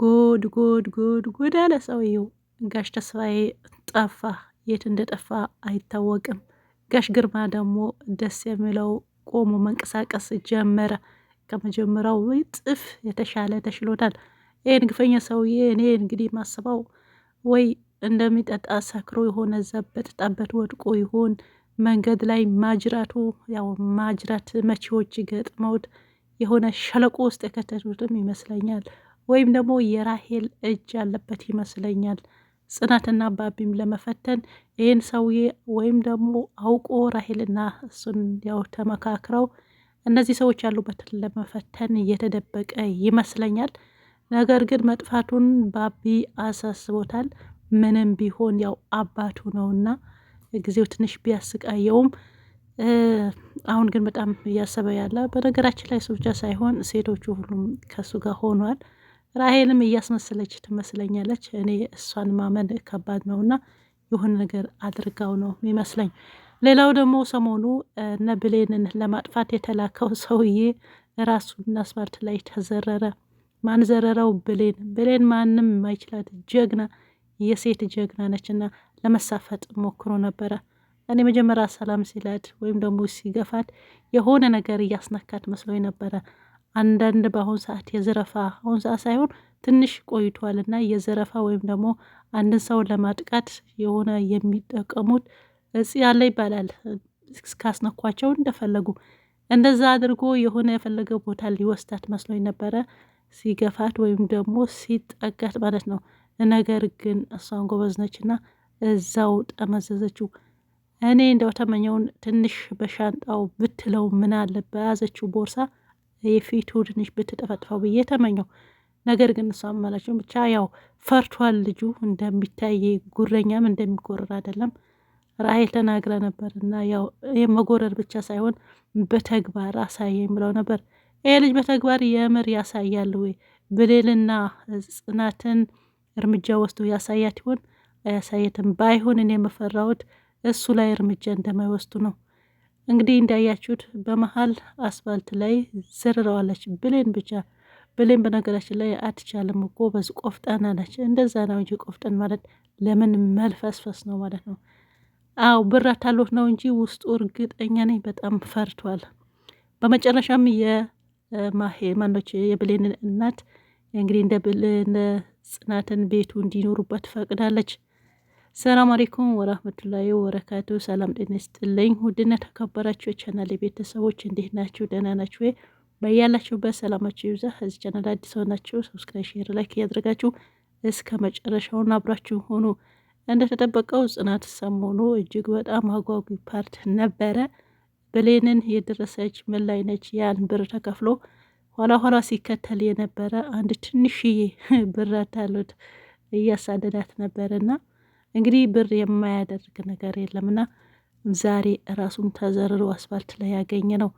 ጉድ ጉድ ጉድ ጉድ አለ ሰውየው። ጋሽ ተስፋዬ ጠፋ፣ የት እንደጠፋ አይታወቅም። ጋሽ ግርማ ደግሞ ደስ የሚለው ቆሞ መንቀሳቀስ ጀመረ። ከመጀመሪያው ጥፍ የተሻለ ተሽሎታል። ይህን ግፈኛ ሰውዬ እኔ እንግዲህ ማስበው ወይ እንደሚጠጣ ሰክሮ የሆነ ዘበት ጣበት ወድቆ ይሆን መንገድ ላይ ማጅራቱ ያው ማጅራት መቺዎች ገጥመውት የሆነ ሸለቆ ውስጥ የከተቱትም ይመስለኛል። ወይም ደግሞ የራሄል እጅ ያለበት ይመስለኛል። ጽናትና ባቢም ለመፈተን ይህን ሰውዬ ወይም ደግሞ አውቆ ራሄልና እሱን ያው ተመካክረው እነዚህ ሰዎች ያሉበትን ለመፈተን እየተደበቀ ይመስለኛል። ነገር ግን መጥፋቱን ባቢ አሳስቦታል። ምንም ቢሆን ያው አባቱ ነውና ጊዜው ትንሽ ቢያስቃየውም አሁን ግን በጣም እያሰበ ያለ በነገራችን ላይ እሱ ብቻ ሳይሆን ሴቶቹ ሁሉም ከሱ ጋር ሆኗል። ራሄልም እያስመሰለች ትመስለኛለች። እኔ እሷን ማመን ከባድ ነውና የሆነ ነገር አድርጋው ነው የሚመስለኝ። ሌላው ደግሞ ሰሞኑ እነ ብሌንን ለማጥፋት የተላከው ሰውዬ ራሱን አስፋልት ላይ ተዘረረ። ማን ዘረረው? ብሌን። ብሌን ማንም የማይችላት ጀግና፣ የሴት ጀግና ነችና ለመሳፈጥ ሞክሮ ነበረ። እኔ መጀመሪያ ሰላም ሲላት ወይም ደግሞ ሲገፋት የሆነ ነገር እያስነካት መስሎኝ ነበረ። አንዳንድ በአሁን ሰዓት የዘረፋ አሁን ሰዓት ሳይሆን ትንሽ ቆይቷል እና የዘረፋ ወይም ደግሞ አንድን ሰው ለማጥቃት የሆነ የሚጠቀሙት እጽ ያለ ይባላል። እስካስነኳቸው እንደፈለጉ እንደዛ አድርጎ የሆነ የፈለገ ቦታ ሊወስዳት መስሎኝ ነበረ ሲገፋት ወይም ደግሞ ሲጠጋት ማለት ነው። ነገር ግን እሷን ጎበዝ እዛው ጠመዘዘችው። እኔ እንደው ተመኘውን ትንሽ በሻንጣው ብትለው ምን አለ በያዘችው ቦርሳ የፊቱ ትንሽ ብትጠፈጥፈው ብዬ ተመኘው። ነገር ግን እሷ አማላቸው ብቻ ያው ፈርቷል። ልጁ እንደሚታይ ጉረኛም እንደሚጎረር አይደለም ራሄል ተናግረ ነበር እና ያው የመጎረር ብቻ ሳይሆን በተግባር አሳየ ብለው ነበር። ይሄ ልጅ በተግባር የምር ያሳያል ወይ? ብሌንና ጽናትን እርምጃ ወስዶ ያሳያት ይሆን አያሳየትም? ባይሆን እኔ የምፈራውት እሱ ላይ እርምጃ እንደማይወስዱ ነው። እንግዲህ እንዳያችሁት በመሀል አስፋልት ላይ ዘርረዋለች። ብሌን ብቻ ብሌን በነገራችን ላይ አትቻልም እኮ በዚ ቆፍጠና ነች። እንደዛ ነው እንጂ ቆፍጠን ማለት ለምን መልፈስፈስ ነው ማለት ነው። አው ብር አታሎት ነው እንጂ ውስጡ እርግጠኛ ነኝ በጣም ፈርቷል። በመጨረሻም የማሄ ማኖች የብሌንን እናት እንግዲህ እንደ ጽናትን ቤቱ እንዲኖሩበት ፈቅዳለች። ሰላም አሌኩም ወራህመቱላሂ ወበረካቱ። ሰላም ጤና ይስጥልኝ። ውድና ተከበራችሁ የቻናል ቤተሰቦች እንዴት ናችሁ? ደህና ናችሁ ወይ? በያላችሁበት ሰላማችሁ ይብዛ። እዚህ ቻናል አዲስ ሆናችሁ ሰብስክራይብ፣ ሼር፣ ላይክ እያደረጋችሁ እስከ መጨረሻውን አብራችሁ ሆኑ። እንደተጠበቀው ጽናት ሰሞኑ እጅግ በጣም አጓጊ ፓርት ነበረ። ብሌንን የደረሰች ምን ላይ ነች? ያን ብር ተከፍሎ ኋላ ኋላ ሲከተል የነበረ አንድ ትንሽዬ ብር አታሉት እያሳደዳት ነበርና እንግዲህ ብር የማያደርግ ነገር የለምና ዛሬ ራሱን ተዘርሮ አስፋልት ላይ ያገኘ ነው።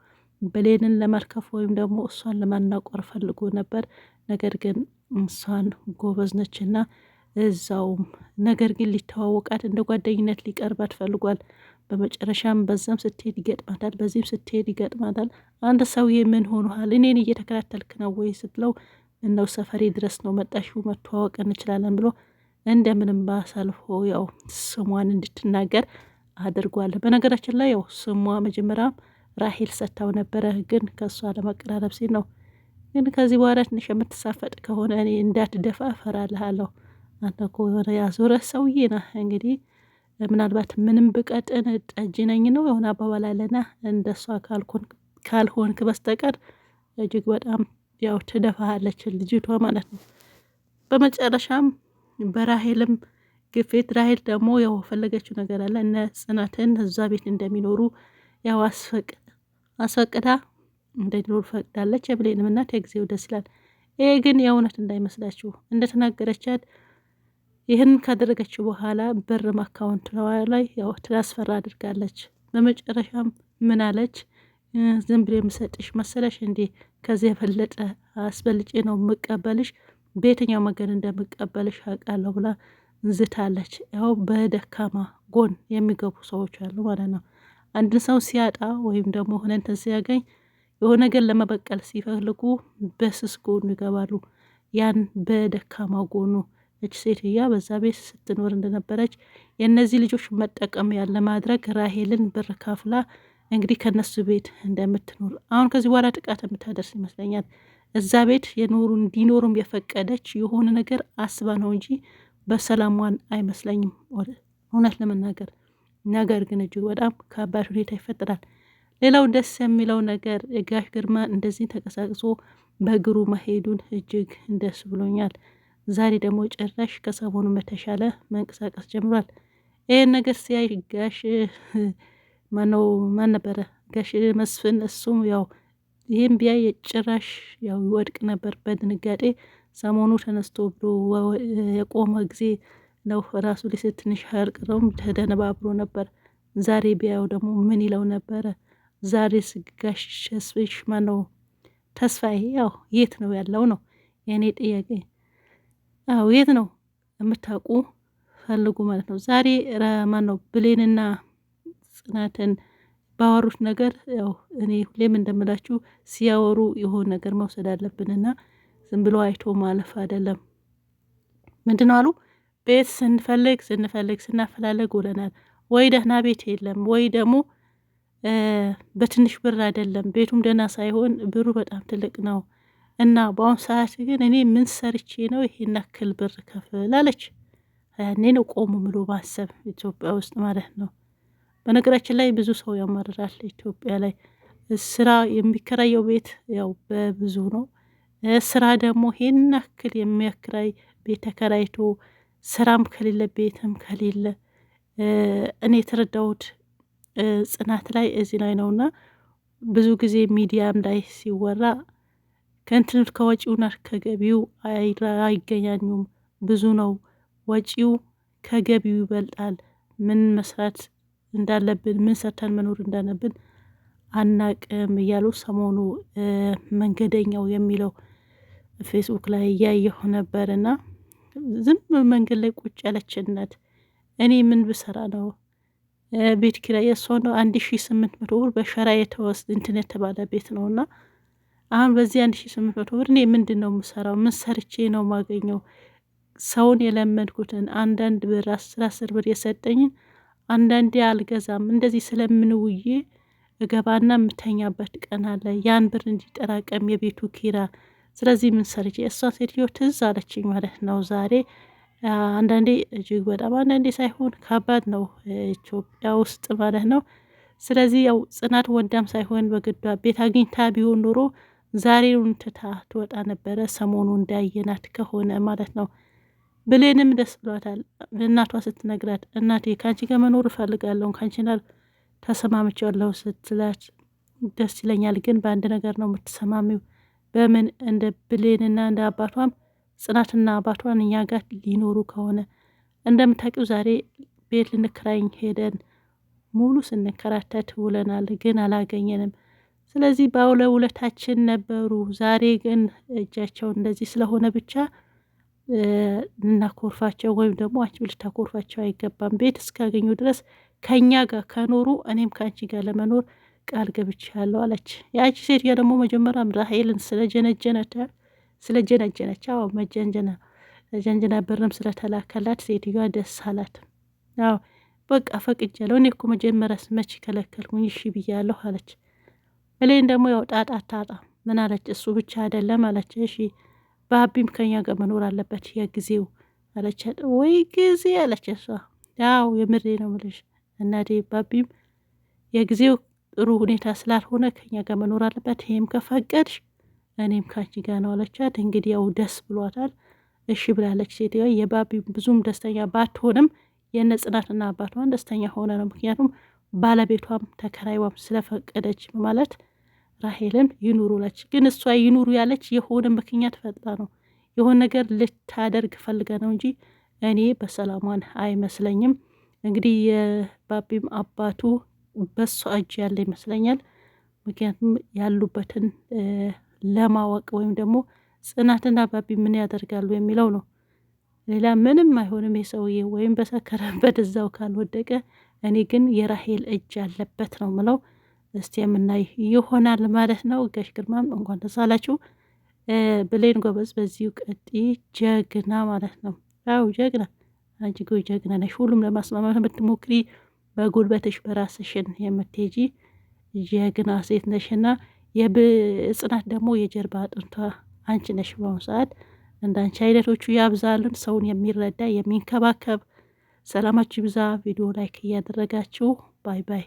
ብሌንን ለመርከፍ ወይም ደግሞ እሷን ለማናቆር ፈልጎ ነበር። ነገር ግን እሷን ጎበዝ ነችና እዛውም ነገር ግን ሊተዋወቃት እንደ ጓደኝነት ሊቀርባት ፈልጓል። በመጨረሻም በዛም ስትሄድ ይገጥማታል፣ በዚህም ስትሄድ ይገጥማታል። አንድ ሰውዬ ምን ሆኖሃል? እኔን እየተከታተልክ ነው ወይ ስትለው እነው ሰፈሬ ድረስ ነው መጣሽ፣ መተዋወቅ እንችላለን ብሎ እንደምንም ባሳልፎ ያው ስሟን እንድትናገር አድርጓል። በነገራችን ላይ ያው ስሟ መጀመሪያ ራሄል ሰጥታው ነበረ፣ ግን ከእሷ ለመቀራረብ ሲል ነው። ግን ከዚህ በኋላ ትንሽ የምትሳፈጥ ከሆነ እኔ እንዳትደፋ እፈራልሃለሁ። አንተ እኮ የሆነ ያዞረ ሰውዬ ነህ። እንግዲህ ምናልባት ምንም ብቀጥን ጠጅ ነኝ ነው የሆነ አባባል አለና እንደሷ ካልሆንክ በስተቀር እጅግ በጣም ያው ትደፋሃለች ልጅቷ ማለት ነው። በመጨረሻም በራሄልም ግፊት ራሄል ደግሞ ያው ፈለገችው ነገር አለ እነ ጽናትን እዛ ቤት እንደሚኖሩ ያው አስፈቅ አስፈቅዳ እንደሚኖሩ ፈቅዳለች። የብሌንም እናት የጊዜው ደስ ይላል። ይሄ ግን የእውነት እንዳይመስላችሁ እንደተናገረቻት ይህን ካደረገችው በኋላ ብርም አካውንት ላይ ያው ትራንስፈር አድርጋለች። በመጨረሻም ምን አለች? ዝም ብሎ የምሰጥሽ መሰለሽ እንዴ? ከዚህ የበለጠ አስበልጬ ነው የምቀበልሽ በየትኛው መገን እንደምቀበልሽ አውቃለሁ ብላ ዝታለች። ያው በደካማ ጎን የሚገቡ ሰዎች አሉ ማለት ነው። አንድን ሰው ሲያጣ ወይም ደግሞ ሆነ እንትን ሲያገኝ የሆነ ነገር ለመበቀል ሲፈልጉ በስስ ጎኑ ይገባሉ። ያን በደካማ ጎኑ እች ሴትያ በዛ ቤት ስትኖር እንደነበረች የእነዚህ ልጆች መጠቀሚያ ለማድረግ ራሄልን ብር ከፍላ እንግዲህ ከነሱ ቤት እንደምትኖር አሁን ከዚህ በኋላ ጥቃት የምታደርስ ይመስለኛል። እዛ ቤት የኖሩ እንዲኖሩም የፈቀደች የሆነ ነገር አስባ ነው እንጂ በሰላሟን አይመስለኝም እውነት ለመናገር። ነገር ግን እጅግ በጣም ከባድ ሁኔታ ይፈጠራል። ሌላው ደስ የሚለው ነገር የጋሽ ግርማ እንደዚህ ተቀሳቅሶ በእግሩ መሄዱን እጅግ ደስ ብሎኛል። ዛሬ ደግሞ ጭራሽ ከሰሞኑ በተሻለ መንቀሳቀስ ጀምሯል። ይህን ነገር ሲያይ ጋሽ ማነው ማን ነበረ ጋሽ መስፍን እሱም ያው ይህም ቢያ ጭራሽ ያው ይወድቅ ነበር በድንጋጤ ሰሞኑ ተነስቶ ብሎ የቆመ ጊዜ ነው ራሱ ሊስ ትንሽ አያርቅረውም ተደነባብሮ ነበር። ዛሬ ቢያው ደግሞ ምን ይለው ነበረ? ዛሬ ስጋሽ ስሽ ማነው ተስፋዬ ያው የት ነው ያለው ነው የእኔ ጥያቄ። አዎ የት ነው የምታውቁ ፈልጉ ማለት ነው። ዛሬ ማነው ብሌንና ጽናትን ባወሩት ነገር ያው እኔ ሁሌም እንደምላችሁ ሲያወሩ የሆነ ነገር መውሰድ አለብንና ዝም ብሎ አይቶ ማለፍ አይደለም። ምንድን ነው አሉ ቤት ስንፈልግ ስንፈልግ ስናፈላለግ ውለናል። ወይ ደህና ቤት የለም ወይ ደግሞ በትንሽ ብር አይደለም ቤቱም ደህና ሳይሆን ብሩ በጣም ትልቅ ነው እና በአሁኑ ሰዓት ግን እኔ ምን ሰርቼ ነው ይሄን ያክል ብር ከፍላለች? ያኔ ነው ቆሙ ብሎ ማሰብ ኢትዮጵያ ውስጥ ማለት ነው። በነገራችን ላይ ብዙ ሰው ያማርራል። ኢትዮጵያ ላይ ስራ የሚከራየው ቤት ያው በብዙ ነው። ስራ ደግሞ ይሄን ያክል የሚያክራይ ቤት ተከራይቶ ስራም ከሌለ ቤትም ከሌለ እኔ የተረዳሁት ጽናት ላይ እዚህ ላይ ነውና ብዙ ጊዜ ሚዲያም ላይ ሲወራ ከእንትኑት ከወጪውና ከገቢው አይገናኙም። ብዙ ነው ወጪው ከገቢው ይበልጣል። ምን መስራት እንዳለብን ምን ሰርተን መኖር እንዳለብን አናቅም እያሉ ሰሞኑ መንገደኛው የሚለው ፌስቡክ ላይ እያየሁ ነበር እና ዝም መንገድ ላይ ቁጭ ያለችነት እኔ ምን ብሰራ ነው ቤት ኪራይ የሷ ነው አንድ ሺ ስምንት መቶ ብር በሸራ የተወሰደ እንትን የተባለ ቤት ነው እና አሁን በዚህ አንድ ሺ ስምንት መቶ ብር እኔ ምንድን ነው የምሰራው? ምን ሰርቼ ነው ማገኘው? ሰውን የለመድኩትን አንዳንድ ብር አስር አስር ብር የሰጠኝን አንዳንዴ አልገዛም እንደዚህ ስለምንውዬ እገባና የምተኛበት ቀን አለ። ያን ብር እንዲጠራቀም የቤቱ ኪራ ስለዚህ ምን ሰርች? እሷ ሴትዮ ትዝ አለችኝ ማለት ነው ዛሬ አንዳንዴ እጅግ በጣም አንዳንዴ ሳይሆን ከባድ ነው ኢትዮጵያ ውስጥ ማለት ነው። ስለዚህ ያው ጽናት ወዳም ሳይሆን በግዷ ቤት አግኝታ ቢሆን ኖሮ ዛሬውን ትታ ትወጣ ነበረ፣ ሰሞኑ እንዳየናት ከሆነ ማለት ነው። ብሌንም ደስ ብሏታል። እናቷ ስትነግራት እናቴ ከአንቺ ጋር መኖር እፈልጋለሁ ከአንቺና ተሰማምቻለሁ ስትላት ደስ ይለኛል፣ ግን በአንድ ነገር ነው የምትሰማሚው። በምን እንደ ብሌንና እንደ አባቷም ጽናትና አባቷን እኛ ጋር ሊኖሩ ከሆነ እንደምታውቂው ዛሬ ቤት ልንክራኝ ሄደን ሙሉ ስንከራተት ውለናል፣ ግን አላገኘንም። ስለዚህ ውለታችን ነበሩ። ዛሬ ግን እጃቸው እንደዚህ ስለሆነ ብቻ እናኮርፋቸው ወይም ደግሞ አንቺ አንቺም ታኮርፋቸው አይገባም። ቤት እስካገኙ ድረስ ከእኛ ጋር ከኖሩ እኔም ከአንቺ ጋር ለመኖር ቃል ገብቻለሁ አለች። የአንቺ ሴትዮ ደግሞ መጀመሪያም ራሄልን ስለጀነጀነች ስለጀነጀነች መጀንጀና ጀንጀና ብርም ስለተላከላት ሴትዮዋ ደስ አላት። አዎ በቃ ፈቅጃለሁ። እኔ እኮ መጀመሪያስ መች ከለከልኩኝ? እሺ ብያለሁ አለች። ብሌን ደግሞ ያው ጣጣ ታጣ ምን አለች? እሱ ብቻ አይደለም አለች። እሺ በሀቢም ከኛ ጋር መኖር አለበት የጊዜው አለቻት። ወይ ጊዜ አለች እሷ። ያው የምሬ ነው ምልሽ እናዴ። ባቢም የጊዜው ጥሩ ሁኔታ ስላልሆነ ከኛ ጋር መኖር አለበት፣ ይህም ከፈቀድሽ እኔም ካንቺ ጋር ነው አለቻት። እንግዲህ ያው ደስ ብሏታል፣ እሺ ብላለች ሴትዮዋ። የባቢም ብዙም ደስተኛ ባትሆንም የነ ጽናትና አባቷን ደስተኛ ሆነ ነው ምክንያቱም ባለቤቷም ተከራይዋም ስለፈቀደች ማለት ራሄልን ይኑሩለች ግን እሷ ይኑሩ ያለች የሆነ ምክንያት ፈጣ ነው የሆነ ነገር ልታደርግ ፈልገ ነው እንጂ እኔ በሰላሟን አይመስለኝም። እንግዲህ የባቢም አባቱ በሷ እጅ ያለ ይመስለኛል። ምክንያቱም ያሉበትን ለማወቅ ወይም ደግሞ ጽናትና ባቢ ምን ያደርጋሉ የሚለው ነው። ሌላ ምንም አይሆንም የሰውዬ ወይም በሰከረበት እዛው ካልወደቀ። እኔ ግን የራሄል እጅ ያለበት ነው ምለው። እስቲ የምናይ ይሆናል ማለት ነው። ጋሽ ግርማም እንኳን ደስ አላችሁ ብሌን ጎበዝ፣ በዚሁ ቀጢ ጀግና ማለት ነው። አው ጀግና፣ አንቺ ጎ ጀግና ነሽ። ሁሉም ለማስማማት የምትሞክሪ በጉልበትሽ በራስሽን የምትሄጂ ጀግና ሴት ነሽና የጽናት ደግሞ የጀርባ አጥንቷ አንቺ ነሽ። በአሁኑ ሰዓት እንዳንቺ አይነቶቹ ያብዛልን። ሰውን የሚረዳ የሚንከባከብ ሰላማችሁ ይብዛ። ቪዲዮ ላይክ እያደረጋችሁ ባይ ባይ።